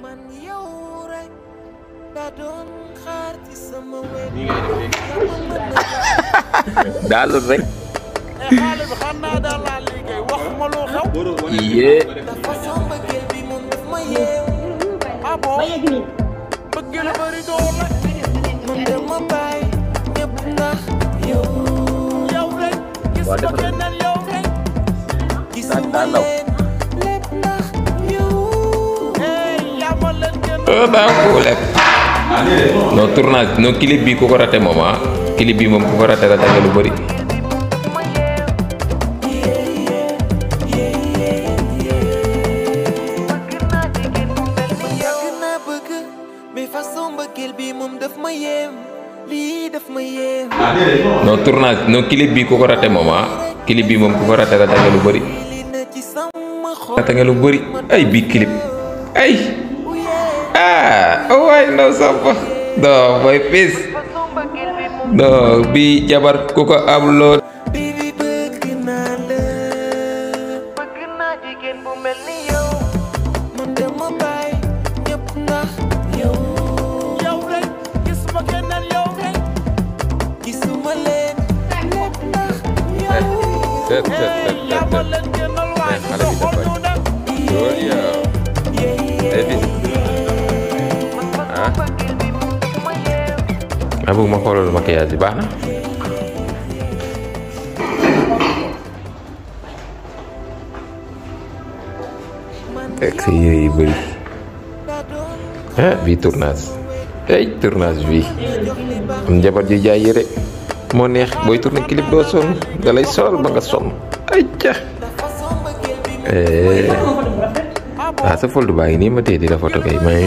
man yow rek nga doon xaar ci sama wet daalul rek eh, xale bi xam naa daal laa liggéey wax ma loo xaw yée dafa sama bëggeel bi moom daf ma yeew ah bon bëggeel a bëri doole moom dama bàyyi ñëpp ndax yow yow rek gis ma keneen yow rek gis ma baax ko lépp non tournage non clip bi ku ko raté moom ah clip bi moom ku ko raté raté nga lu bëri bi ku ko raté moom ah clip bi moom ko raté raté nga lu bëri lu bëri ay bi clip ay ah waay ndaw sàmba non booy piis non bii jabar ku ko am loo Tët tët tët tët na bëgg ma xoolal maquillage di baax na ak sa yére yu turnas ah eh, bii tournage ay tournage turun am jabar ju jaay yére ya, moo neex booy tourné clip doo sonn da lay solal ba nga sonn ay ca eh. sa fold ma di la photo kay